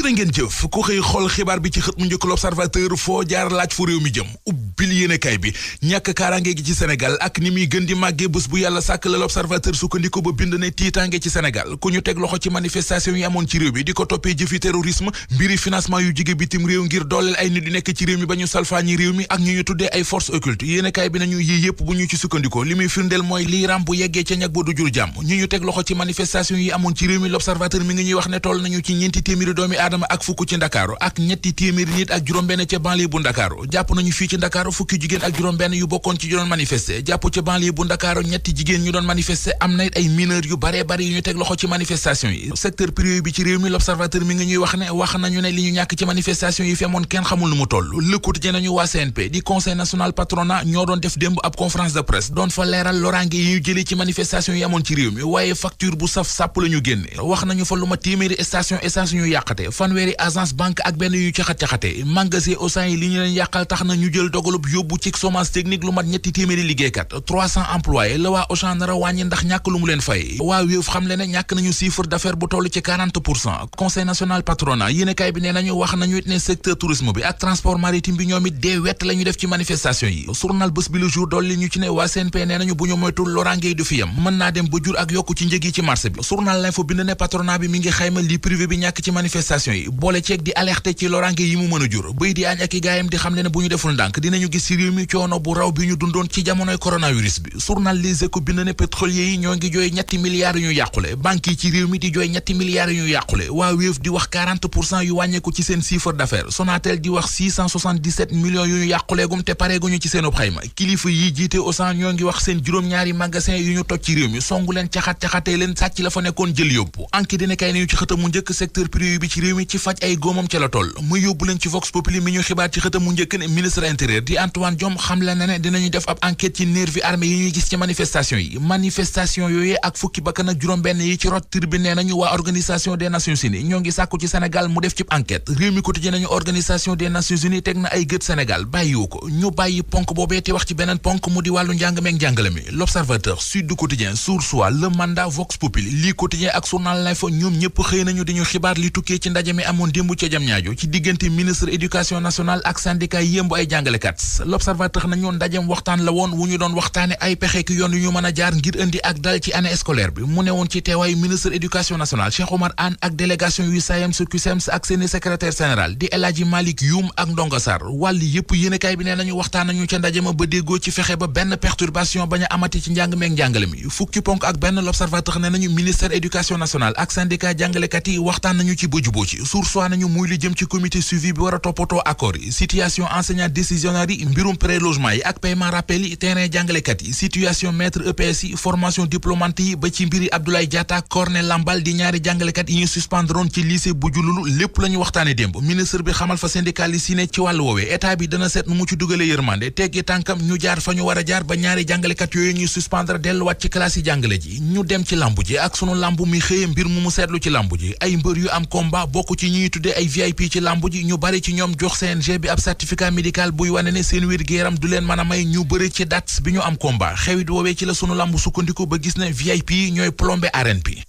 jërë ngeen jëf ku xëy xool xibaar bi ci xët mu njëkk l'observateur foo jaar laaj fu réew mi jëm pil yéenekaay bi ñàkk kaaraange gi ci Sénégal ak ni muy gën di màggee bés bu yàlla sàkk la l'observateur sukkandiku ba bind ne tiitaange ci Sénégal ku ñu teg loxo ci manifestation yi amoon ci réew mi di mi ngi ñuy wax ne toll nañu ci ñeenti téeméeri doomi aadama ak fukk ci Ndakaaru ak ñetti téeméeri nit ak juróom benn ca banlieue bu Ndakaaru jàpp nañu fii ci Ndakaaru ndakaaru fukki jigéen ak juróom benn yu bokkoon ci doon manifester jàpp ci banlieue bu ndakaaru ñetti jigéen ñu doon manifester am na ay mineurs yu baree bari yu ñu teg loxo ci manifestation yi secteur privé bi ci réew mi l'observateur mi ngi ñuy wax ne wax nañu ne li ñu ñàkk ci manifestation yi fi amoon kenn xamul lu mu toll Le Quotidien nañu waa CNP di conseil national patronat ñoo doon def démb ab conférence de presse doon fa leeral loraange yi ñu ci manifestation Diop yóbbu ci chômage technique lu mat ñetti téeméeri liggéeykat 300 employés la waa Auchan a wàññi ndax ñàkk lu mu leen fay waa Wave ne ñàkk nañu chiffre d'affaires bu toll ci conseil national patronat yéenekaay bi nee nañu wax nañu it ne secteur tourisme bi ak transport maritime bi ñoom it dee wett la def ci manifestation yi journal bés bi le jour dolli ñu ci ne waa CNP nee nañu bu ñu moytul loraange du fi yam mën naa dem ba jur ak yokku ci a jur bëy di añ i gaayam di xam nañu gis ci réew bu raw bi ñu dundoon ci jamonoy coronavirus bi journal Les Échos bind ne pétrolier yi ñoo ngi jooy ñetti di jooy ñetti milliards yu ñu yàqule waa Wave di wax 40 pour cent yu wàññeeku ci seen chiffre d'affaires Sonatel di wax 677 millions yu ñu yàquleegum te pareeguñu ci seenub xayma kilifa yi jiite Auchan ñoo ngi wax seen juróom-ñaari magasin yu ñu toj ci réew mi songu leen caxat-caxatee leen sàcc la fa nekkoon jël yóbbu anki dina kay ci xëtam mu njëkk secteur privé bi ci réew mi ci faj ay góomam ca la toll muy yóbbu leen ci Vox Populi mi ñu xibaar ci xëtam mu njëkk ne ministre intérieur di Antoine Diome xamle na ne dinañu def ab enquête ci nervi armée yi ñuy gis ci manifestation yi manifestation yooyu ak fukki bakkan ak juróom-benn yi ci rot tribune nee nañu waa organisation des nations unies ñoo ngi sàkku ci Sénégal mu def ci enquête réew mi quotidien nañu organisation des nations unies teg na ay gët Sénégal bàyyiwu ko ñu bàyyi ponk boobee te wax ci beneen ponk mu di wàllu njàng meeg njàngale mi l'observateur sud du quotidien Source A le mandat vox populi lii quotidien ak journal L'Info ñoom ñëpp xëy nañu di ñu xibaar li tukkee ci ndaje mi amoon démb ca jam ñaajo ci diggante ministre éducation nationale ak syndicat yémbu ay jàngalekat L'Obs L'Observateur nañu ndajem waxtaan la woon wu ñu doon waxtaane ay pexe ki yoon yu ñu mën a jaar ngir indi ak dal ci année scolaire bi mu ne woon ci teewaayu ministre éducation nationale Cheikh Omar Anne ak délégation yu SAEMS CUSEMS ak seeni secrétaire général di El Hadji Malick Youm ak Ndongo Sarr wàll yëpp yéenekaay bi nee nañu waxtaan nañu ca ndaje ma ba déggoo ci fexe ba benn perturbation bañ a amati ci njàng meeg njàngale mi fukki ponk ak benn L'Observateur ne nañu ministère éducation ci ba juboo ci sursoit nañu muy li jëm a di mbirum prélogement yi ak paiement rappel yi terrain jàngalekat yi situation maître EPS yi formation diplômante yi ba ci mbiri Abdoulaye Diatta Corne Lambal di ñaari jàngalekat yi ñu suspendroon ci lycée bu jululu lépp la ñu démb ministre bi xamal fa syndicaliste yi ne ci wàllu woowee état bi dana seet nu mu ci dugale yërmande teggi tànkam ñu jaar fa ñu war a jaar ba ñaari jàngalekat yooyu ñuy suspendre delluwaat ci classe yi jàngale ji ñu dem ci seen wér gu yaram du leen mën a may ñu bëri ci date bi ñu am combat xewit woowee ci la sunu làmb sukkandiku ba gis ne VIP ñooy plombé arène bi